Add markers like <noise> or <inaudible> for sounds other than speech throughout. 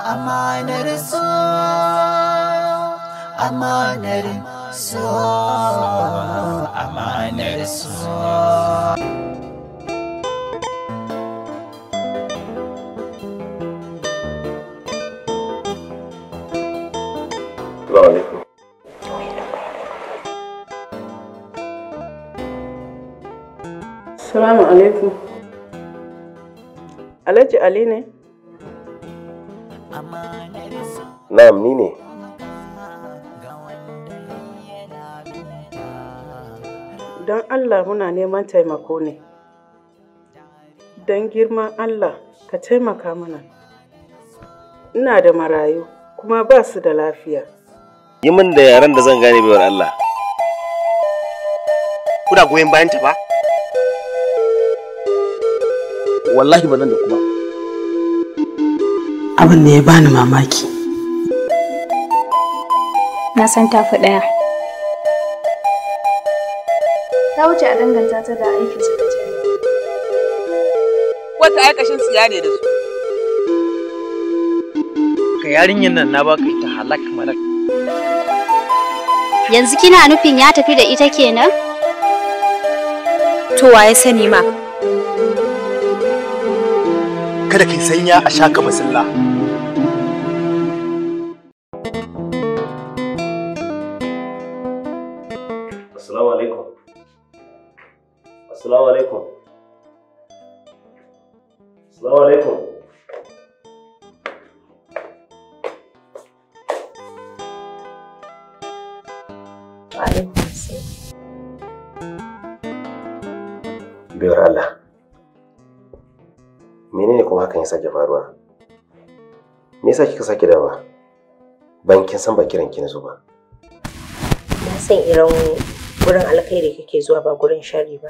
amanar amanar so amanar so Salamu alaikum. Alhaji Ali ne? na'am ni ne don allah muna neman taimako ne don girman allah ka taimaka mana ina da marayu kuma ba su da lafiya yi min da yaren da zan gane baiwar allah kuna goyon ta ba wallahi ba nan da kuma abin da ya bani mamaki na san ta fi ɗaya. Ta wuce a danganta ta da aikin su Wata aikashin su ya ne da su. Ka yarinyar nan na baka ita halak malak. Yanzu kina nufin ya tafi da ita kenan? To waye sani ma. Kada ki sanya a shaka basilla. hakan ya sake faruwa me yasa kika sake dawa ban kin san ba kiran ki nazo ba na san irin gurin alkhairi kake zuwa ba gurin shari ba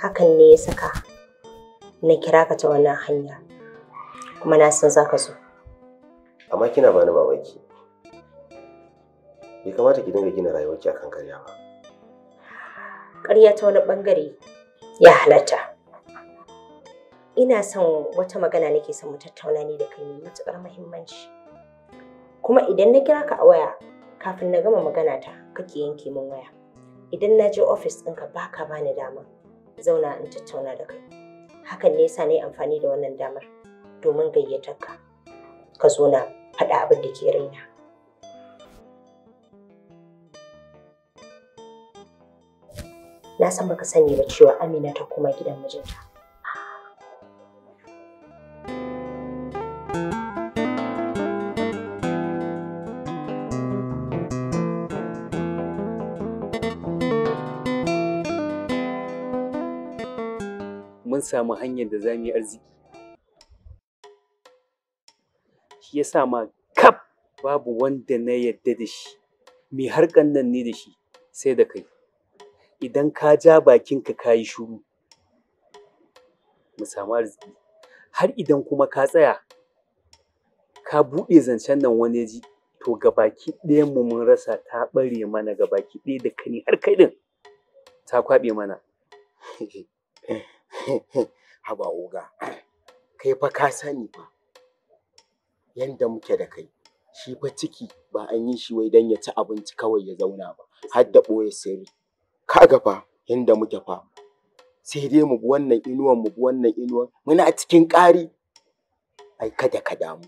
hakan ne ya saka na kira ka ta wannan hanya kuma na san zaka zo amma kina bani babaki bai kamata ki dinga gina rayuwarki akan karya ba ƙarya ta wani bangare ya halatta ina son wata magana nake son mu tattauna ni da kai mai matuƙar muhimmanci kuma idan na kira ka a waya kafin na gama magana ta kake yanke min waya idan na je ofis ɗinka baka bani dama zauna in tattauna da kai hakan ne yasa na yi amfani da wannan damar domin gayyatar ka ka zo na faɗa abin da ke raina na san baka sani ba cewa amina ta koma gidan mijinta samu hanyar da za mu yi arziki shi ya sa ma kaf babu wanda na yadda da shi mai harkan nan ne da shi sai da kai idan ka ja bakinka ka yi shuru mu samu arziki har idan kuma ka tsaya ka buɗe zancen nan wani ji to gabaki ɗayan mu mun rasa ta ɓare mana gabaki ɗaya da kani har kai ɗin ta kwaɓe mana <laughs> <coughs> haba oga <coughs> kai fa ka sani fa yanda muke da kai shi fa ciki ba an yi shi wai dan ya ci abinci kawai ya zauna ba har da ɓoye sirri ga fa yanda muke fa sai dai mu bi wannan inuwan mu bi wannan inuwan muna cikin ƙari ai kada ka damu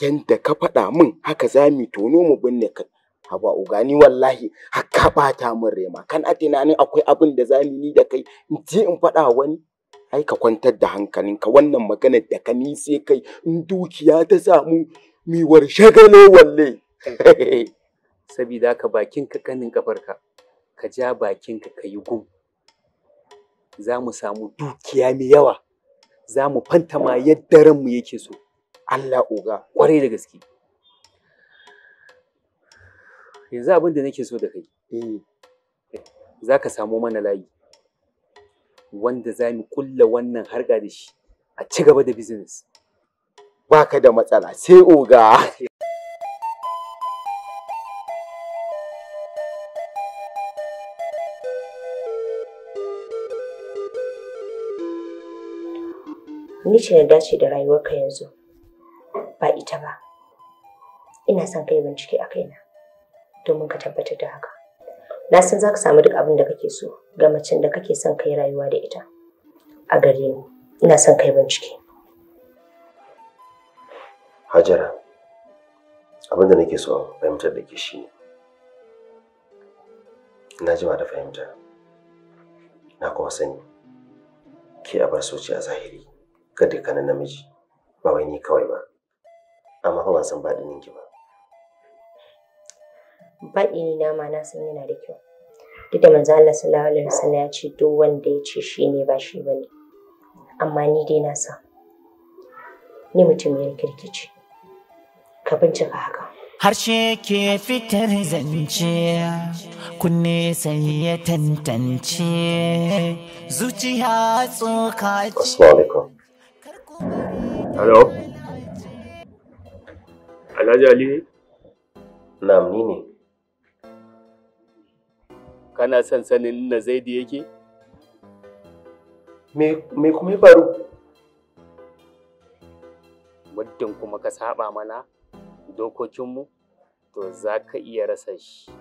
yanda ka faɗa min haka za mu tono mu binne ka haba uga ni wallahi hakka ɓata min rema a tunanin akwai abin da za mu yi da kai in je in faɗa wani ai ka kwantar da hankalinka wannan maganar da ka nise kai in dukiya ta samu miwar shagale walle <laughs> sabida ka bakin ka kanin kafarka ka ja bakin ka ka yi gum za mu samu dukiya mai yawa za mu fantama yadda ranmu yake so Allah oga kwarai da gaske yanzu abin da nake so da kai eh. za ka samo mana layi wanda za mu kulla wannan harka da shi a ci gaba da business baka da matsala sai oga ni ce na dace da rayuwarka yanzu ba ita ba ina son kai bincike a kaina domin ka tabbatar da haka na san za ka samu duk abin da kake so ga macen da kake son kai rayuwa da ita a gare ni ina son kai bincike hajara abin da nake so fahimtar da ke shi ne na jima da fahimta na kuma sani ke a bar soci a zahiri ga dukkanin namiji ba wai ni kawai ba amma ba ban san baɗinin ki ba Baɗi na ma na san yana da kyau duk da manzo Allah sallallahu alaihi wasallam ya ce duk wanda ya ce shi ne ba shi bane amma ni dai na san ni mutum ya kirkici ka bincika haka shi ke fitar zance kunne sai ya tantance zuciya tsoka Hello Alhaji Ali na ni kana son sanin na zaidi yake me kuma faru muddin kuma ka saba mana dokokinmu to za ka iya rasa shi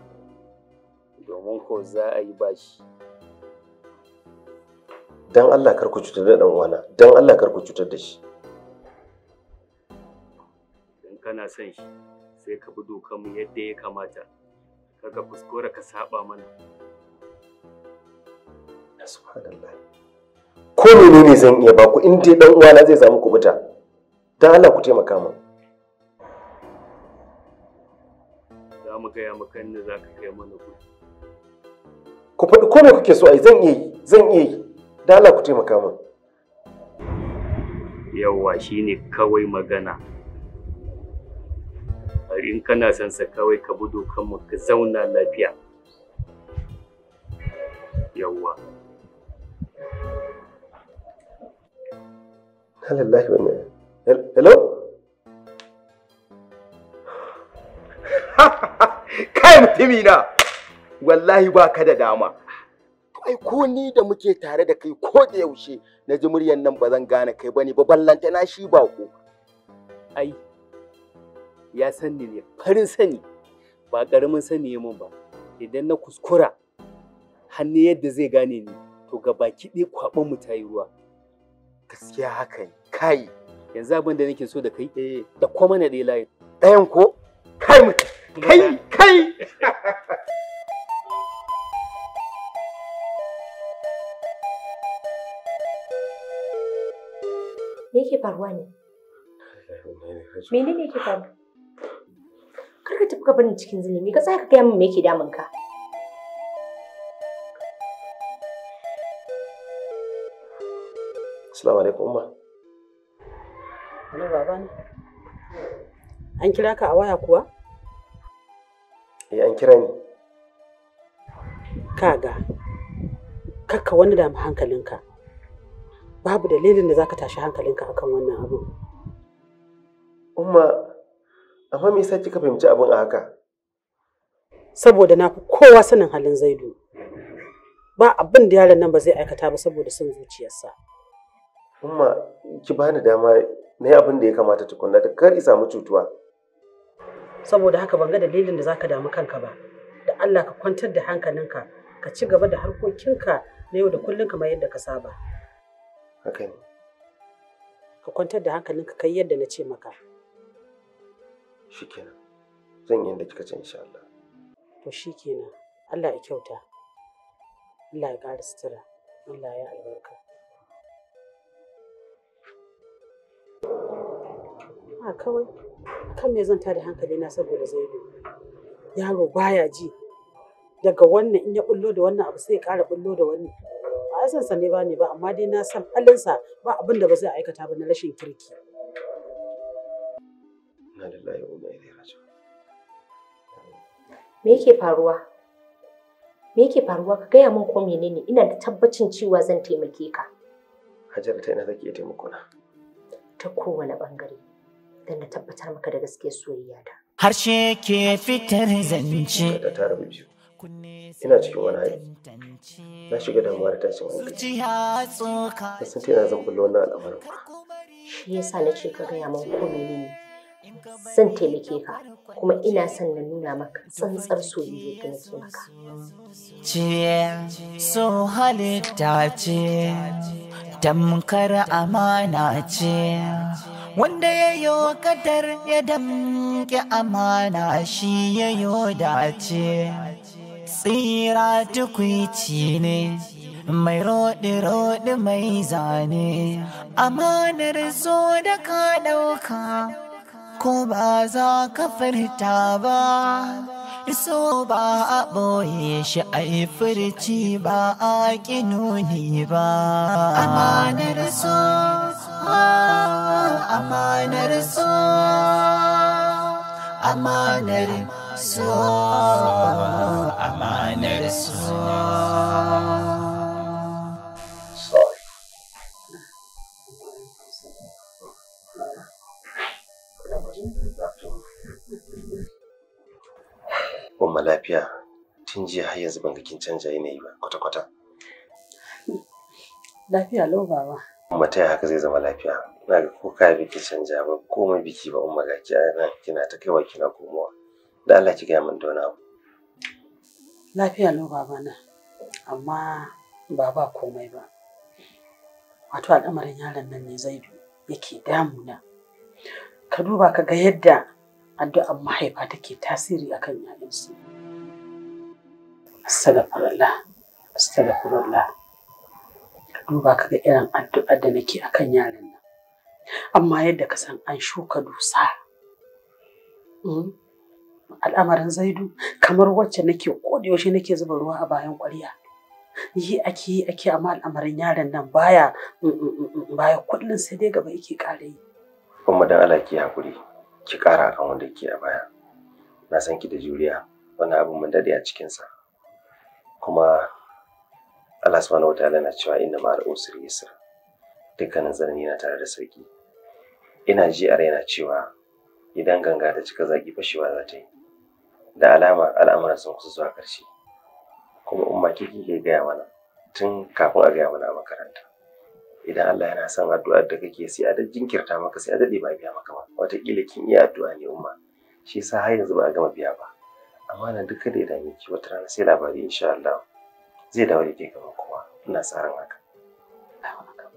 domin ko za a yi bashi don Allah kar ku cutar da ɗan uwana don Allah kar ku cutar da shi in kana son shi sai ka bi dokanmu yadda ya kamata kaga kuskura ka saba mana Ko ko ne zan iya ba ku in dai dan uwana zai samu kubuta dan Allah ku taimaka min za mu gaya maka inda za ka kai mana kuɗi ku faɗi ko me kuke so ai zan iya yi zan iya yi dan Allah ku taimaka min yawa shine kawai magana bari in kana son sa kawai ka bi dokan mu ka zauna lafiya yawwa Halallahi wannan. Hello? kayan timina! Wallahi ba ka da dama. Ai, ko ni da muke tare da kai ko da yaushe na ji muryan nan ba zan gane kai ba ne ba ballanta na shi ku. Ai, ya san ne farin sani ba ƙaramin sani ya min ba. Idan na kuskura hannu yadda zai gane ni to ga baki ɗaya kwaɓan mu ta yi ruwa. gaskiya haka ne kai yanzu abin da nake so da kai eh. da kuma na dai layi. ɗayan ko kai mutum kai kai <laughs> me yake faruwa ne <laughs> menene yake faru kar ka tafi ka barin cikin zulumi ka tsaya ka gaya min me yake damun ka Assalamu alaikum umma. Hello baban. An kira ka a waya kuwa? Eh an kira ni. Kaga. Kakka wani da hankalinka. Babu dalilin da zaka tashi hankalinka akan wannan abu. Umma, amma me yasa kika fahimci abin a haka? Saboda na fi kowa sanin halin Zaidu. Ba abin da yaron nan ba zai aikata ba saboda son zuciyarsa. umma ki bani dama na yi abin da ya kamata tukunna da kar samu cutuwa saboda haka ban ga dalilin da zaka damu kanka ba da Allah ka kwantar da hankalinka ka ci gaba da harkokinka na yau da kullum kamar yadda ka saba haka ne ka kwantar da hankalinka kai yadda na ce maka shikenan zan yi yadda kika ce insha Allah to shikenan Allah ya kyauta Allah ya ƙara sutura Allah ya albarka a kawai kan me zan tada hankali na saboda zaidu yaro baya ji daga wannan in ya bullo da wannan abu sai ya ƙara bullo da wannan ba san sa ne ba ne ba amma dai na san halinsa ba abin da ba zai aikata ba na rashin kirki inna da me yake faruwa me yake faruwa ka gaya min ko menene ina da tabbacin cewa zan taimake ka Hajara ta ina zaki taimako na ta kowane bangare don na tabbatar maka da gaske soyayya ta. Harshe ke fitar zance. Ka tara biyu. Ina cikin wani hali. Na shiga damuwa da tashin hankali. Na san ta yana zan bullo wannan al'amarin. Shi yasa na ce ka gaya min ko ne? Zan taimake ka kuma ina son na nuna maka tsantsar soyayya da nake maka. Ciye so halitta ce, tamkar amana ce. wanda ya yo kadar ya damke amana shi ya yo dace tsira tukwici ne mai roɗi-roɗi mai zane amanar zo da ka ɗauka ko ba za ka furta ba so ba a ɓoye shi a yi furci ba a ƙi ba amanar so amanar so amanar so amanar so Umma lafiya tun jiya har yanzu ban ga kin canja yanayi ba kwata-kwata. Lafiya lau baba. mata yaya haka zai zama lafiya na ga ko kaya biki canja ba komai biki ba umma gaki a nan kina ta kaiwa kina komowa da Allah ki gaya min da wani lafiya no baba na amma ba ba komai ba wato al'amarin yaron nan ne zaidu yake damuna ka duba ka ga yadda addu'ar mahaifa take tasiri akan 'ya'yansu. Astagfirullah, astagfirullah. duba ka ga irin addu'ar da nake akan yaran nan amma yadda ka san an shuka dusa hmm, al'amarin zaidu kamar wacce nake yaushe nake zuba ruwa a bayan ƙwarya yi ake yi ake amma al'amarin yaran nan baya mm, mm, mm, baya kullum sai dai gaba yake ƙara yi kuma dan Allah ki hakuri ki ƙara akan wanda ke a baya na san ki da juriya wannan abin mun dade a cikin sa kuma Allah subhanahu wataala yana cewa inna ma'al usri yusra dukkanin zanani na tare da sauki ina ji a raina cewa idan ganga ta cika zaki fashewa za ta yi da alama al'amura sun kusa zuwa ƙarshe kuma umma kiki ke gaya mana tun kafin a gaya mana a makaranta idan Allah yana son addu'ar da kake sai a jinkirta maka sai a daɗe ba biya maka ba wataƙila kin iya addu'a ne umma shi yasa har yanzu ba a gama biya ba amma na duka da ya dame ki wata rana sai labari insha Allah zai dawo da ke gaba kuma ina tsarin haka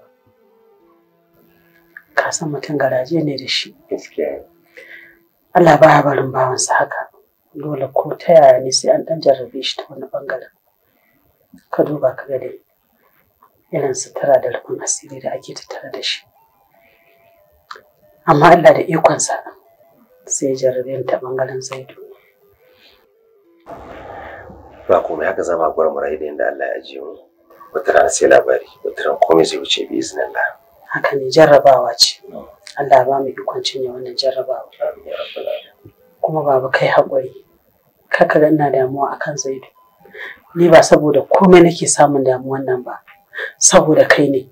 ka san mutum garaje ne da shi Allah ba barin bawansa haka dole ko ta yaya ne sai an dan jarrabe shi ta wani bangaren ka duba ka ga dai irin sutura da rufin asiri da ake tattara da shi amma Allah da ikonsa sai jarrabe ta bangaren zaidu ba komai haka zama a gurin da yadda Allah ya ji mu wata rana sai labari wata komai zai wuce bi izinin Allah haka ne jarrabawa ce Allah ba mu ikon cinye wannan jarrabawa kuma baba kai haƙuri ka ga ina damuwa akan Zaidu ni ba saboda komai nake samun damuwan nan ba saboda kai ne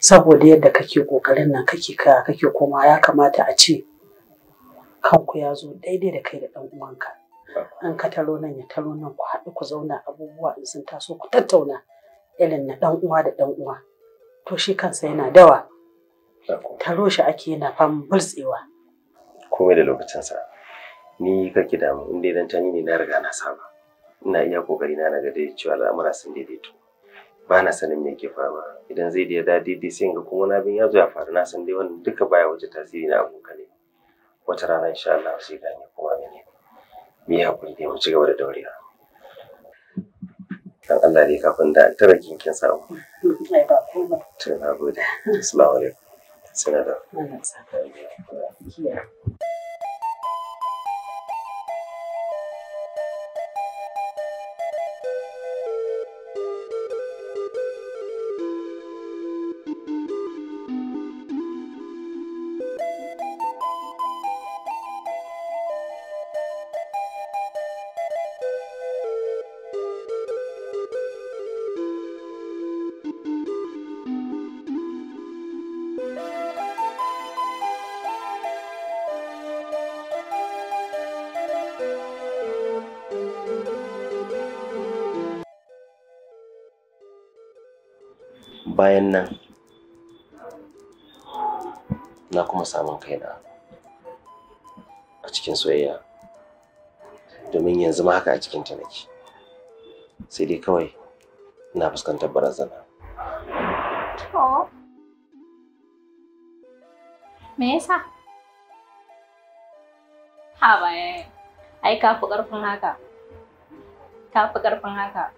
saboda yadda kake kokarin nan kake ka kake koma ya kamata a ce kanku ya zo daidai da kai da ɗan uwanka an ka taro nan ya taro nan ku haɗu ku zauna abubuwa in sun taso ku tattauna irin na ɗan uwa da ɗan uwa to shi kansa yana dawa taro shi ake yana fam bultsewa komai da lokacin sa ni kake damu in dai dan can ne na riga na saba ina iya kokari na na ga dai cewa al'amura sun daidaito ba na sanin me yake faruwa idan zai da daidai sai ga kuma na bin ya zo ya faru na san dai wannan duka baya wace tasiri na abokan ne wata rana insha Allah sai gane kuma ne mu yi haƙuri mu ci gaba da daurewa dan Allah dai kafin da tara kinkin samu to na gode assalamu alaikum sai na da bayan nan na kuma samun kaina a cikin soyayya domin yanzu ma haka a cikin ta nake sai dai kawai ina fuskantar barazana me yasa ha baya eh, ai ka fi ƙarfin haka ka fi ƙarfin haka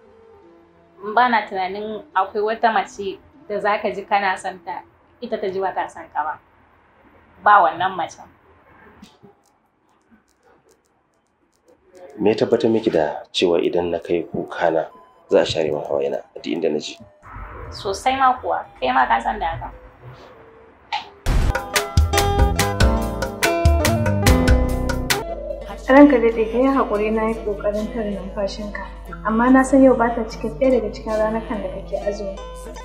ba na tunanin akwai wata mace da za ka ji kana son ta ita ta ji ba ta son ka ba ba wannan macen me tabbatar miki da cewa idan na kai kuka na za a share min hawayena a duk inda na je sosai ma kuwa kai ma ka san da haka ranka daɗe ka yi haƙuri na yi ƙoƙarin tare numfashinka amma na san yau ba ta cikin ɗaya daga cikin ranakan da kake azumi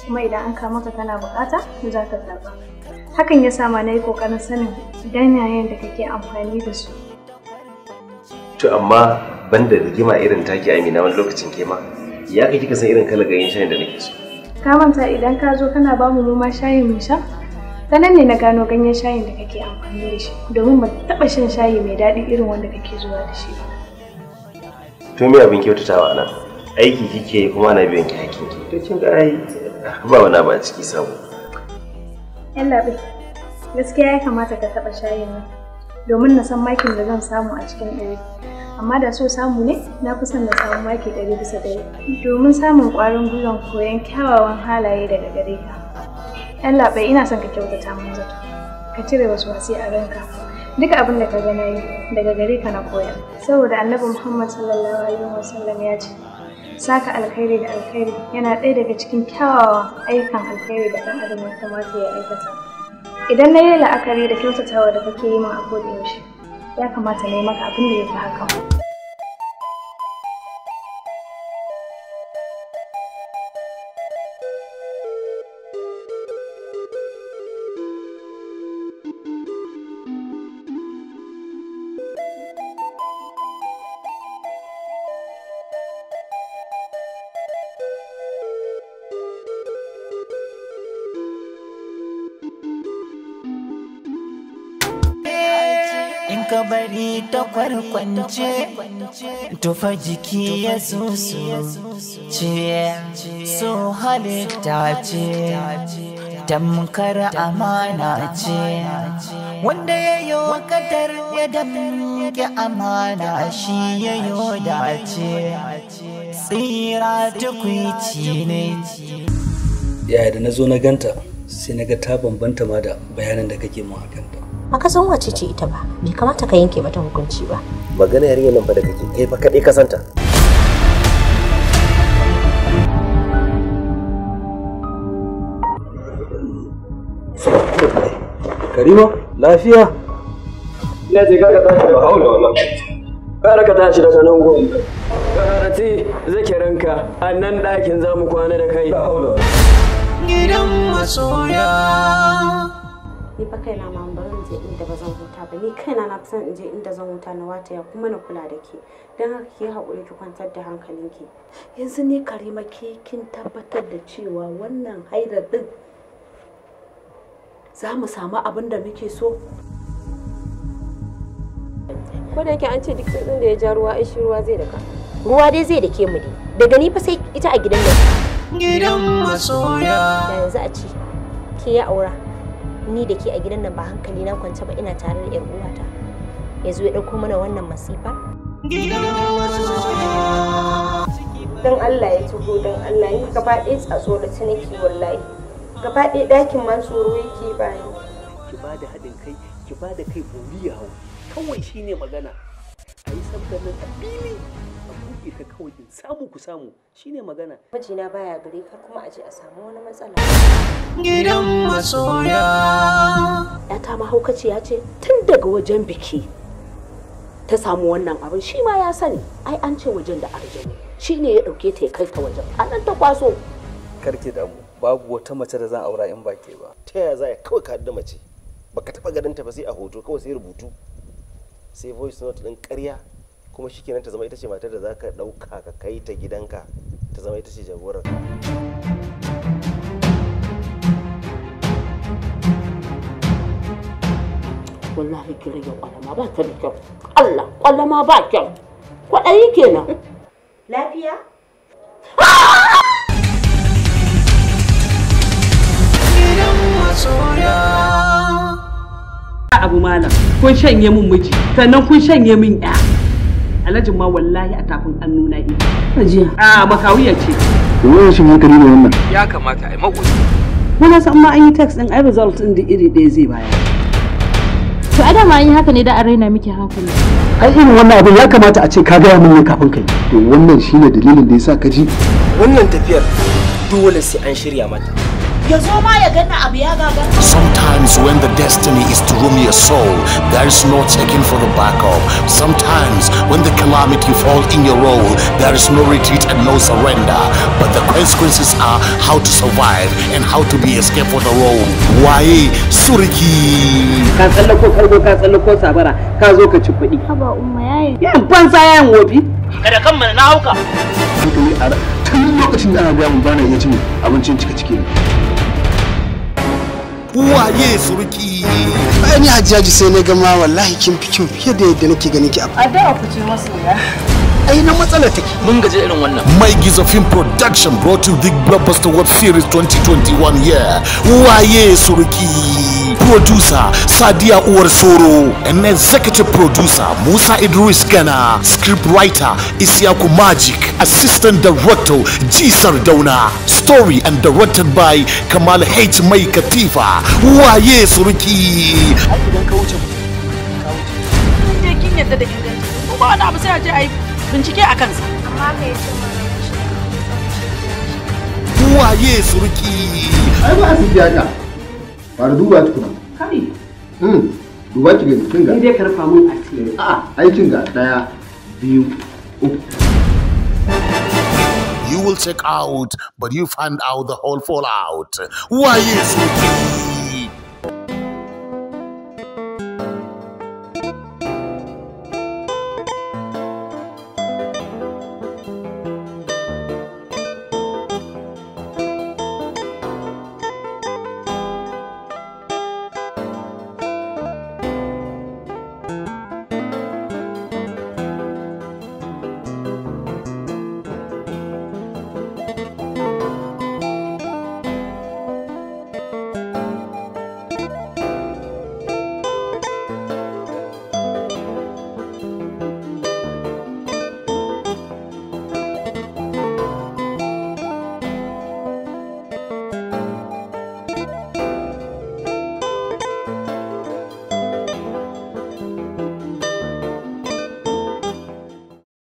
kuma idan an kama ka kana buƙata za ka zaɓa hakan ya sama na yi ƙoƙarin sanin ganyayen da kake amfani da su. to amma banda rigima irin take amina wani lokacin ma ya kake kika san irin kala shayin da nake so. ka manta idan ka zo kana ba mu noma shayin mu sha ta nan ne na gano ganyen shayin da kake amfani da shi domin ba taɓa shan shayi mai daɗi irin wanda kake zuwa da shi To me abin kyautatawa nan? Aiki kike kuma na biyan ki hakkin ki. To kin ga ai ba wani ba ciki sabo. Allah bai. Gaskiya ya kamata ka taɓa shayin nan domin na san makin da zan samu a cikin ɗari. Amma da so samu ne na fi son na samu maki ɗari bisa ɗari domin samun ƙwarin gwiwan koyon kyawawan halaye daga gare ka. Allah ina son ka kyautata mun zato. Ka cire wasu wasi a ranka. Duk abin da ka ga nayi daga gare ka na koya. Saboda Annabi Muhammad sallallahu alaihi wasallam ya ce saka alkhairi da alkhairi yana ɗaya daga cikin kyawawan ayyukan alkhairi da ɗan adam ya kamata ya aikata. Idan na yi la'akari da kyautatawa da kake yi min a koda yaushe, ya kamata na yi maka abin da ya fi haka. ka bari ta kwarkwance tufa jiki ya susu ce so halitta ce tamkar amana ce wanda ya yi wakadar ya damke amana shi ya yi dace tsira tukwici ne yaya da na zo na ganta sai na ga ta bambanta ma da bayanan da kake mu a baka san wace ce ita ba bai kamata ka yanke mata hukunci ba magana yarinya nan ba da kake kai fa kadai ka santa Karima lafiya ina je ka tashi ba haula wallahi kara ka tashi daga nan gon karati A annan ɗakin za mu kwana da kai gidan masoya ni fa kaina ma bari bazan je inda ba zan huta ba ni kaina na san in je inda zan huta na wata ya kuma na kula da ke don haka ki haƙuri ki kwantar da hankalinki yanzu ni karima ke kin tabbatar da cewa wannan haira din za mu samu abin da muke so ko da yake an ce duk tsuntsun da ya ja ruwa ishi ruwa zai daka ruwa dai zai dake mu daga ni fa sai ita a gidan nan gidan masoya yanzu a ci ki ya aura ni da ke a gidan nan ba hankali na kwance ba ina tare da 'yar uwata ya zo ya ɗauko mana wannan masifa. don Allah ya tuho don Allah ni gaba ɗaya tsatso da nake wallahi gaba ɗaya ɗakin man tsoro yake bani ki ba da haɗin kai ki ba da kai buri ya hau kawai shine magana a yi sabgar nan a fili burge ka kawai in samu ku samu shine magana mijina baya gare kar kuma a je a samu wani matsala gidan masoya ta ma hauka ce tun daga wajen biki ta samu wannan abin shi ma ya sani ai an ce wajen da arjini shi ne ya ɗauke ta ya kai ta wajen a nan ta kwaso karki damu babu wata mace da zan aura in ba ke ba ta yaya za ya kawai ka da mace baka taɓa ganin ta ba sai a hoto kawai sai rubutu sai voice note ɗin ƙarya kuma shikenan ta zama ita ce matar da za ka ɗauka ka kai ta gidanka ta zama ita ce jagorar wallahi ki rage kwalama ba ta da kyau Allah kwalama ba kyau kwaɗayi kenan lafiya abu malam kun shanye min miji sannan kun shanye min ya alhajin ma wallahi a tafin hannu na yi ajiya a makawiya ce wani rashin hankali ne wannan ya kamata ai magoyi muna san ma an yi text din ai result din da iri ɗaya zai baya to a dama an yi haka ne da an raina miki hankali ai irin wannan abin ya kamata a ce ka gaya min ne kafin kai to wannan shine dalilin da yasa ka ji wannan tafiyar dole sai an shirya mata Sometimes when the destiny is to ruin your soul, there is no taking for the back of. Sometimes when the calamity falls in your role, there is no retreat and no surrender. But the consequences are how to survive and how to be escaped for the role. Waye suriki. Ka tsallako ka tsallako sabara ka zo ka ci kuɗi. wobi. Kada kan mana na hauka. Tun lokacin da ana gaya mun bana iya cin abincin cika ciki. waye surki ai ni hajjaji sai na gama wallahi kin fi kin fiye da yadda nake ganin ki a da ku ce masoya ai na matsala take mun gaje irin wannan mai gizo film production brought you the blockbuster web series 2021 year waye suruki producer Sadia Uwar Soro and executive producer Musa Idris Gana script writer Isiaku Magic assistant director Jisar Dauna story and directed by Kamal H Mai Katifa waye suruki ai idan ka wuce ka da ko ba sai a je a yi bincike a kansa amma ka yi cin surki ai ba su fiyata ba da duba tukuna kai Hmm. duba ki gani kinga ni dai karfa mun a ce a ai kinga daya biyu uku You will check out, but you find out the whole fallout. Why is it?